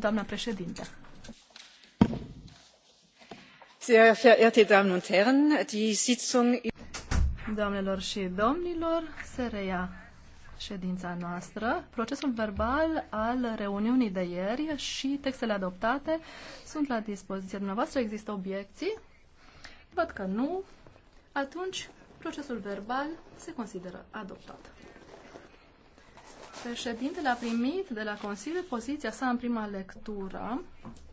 doamnă președintă doamnelor și domnilor se reia ședința noastră. Procesul verbal al reuniunii de ieri și textele adoptate sunt la dispoziția dumneavoastră. Există obiecții? Văd că nu. Atunci, procesul verbal se consideră adoptat. Președintele a primit de la Consiliu poziția sa în prima lectură.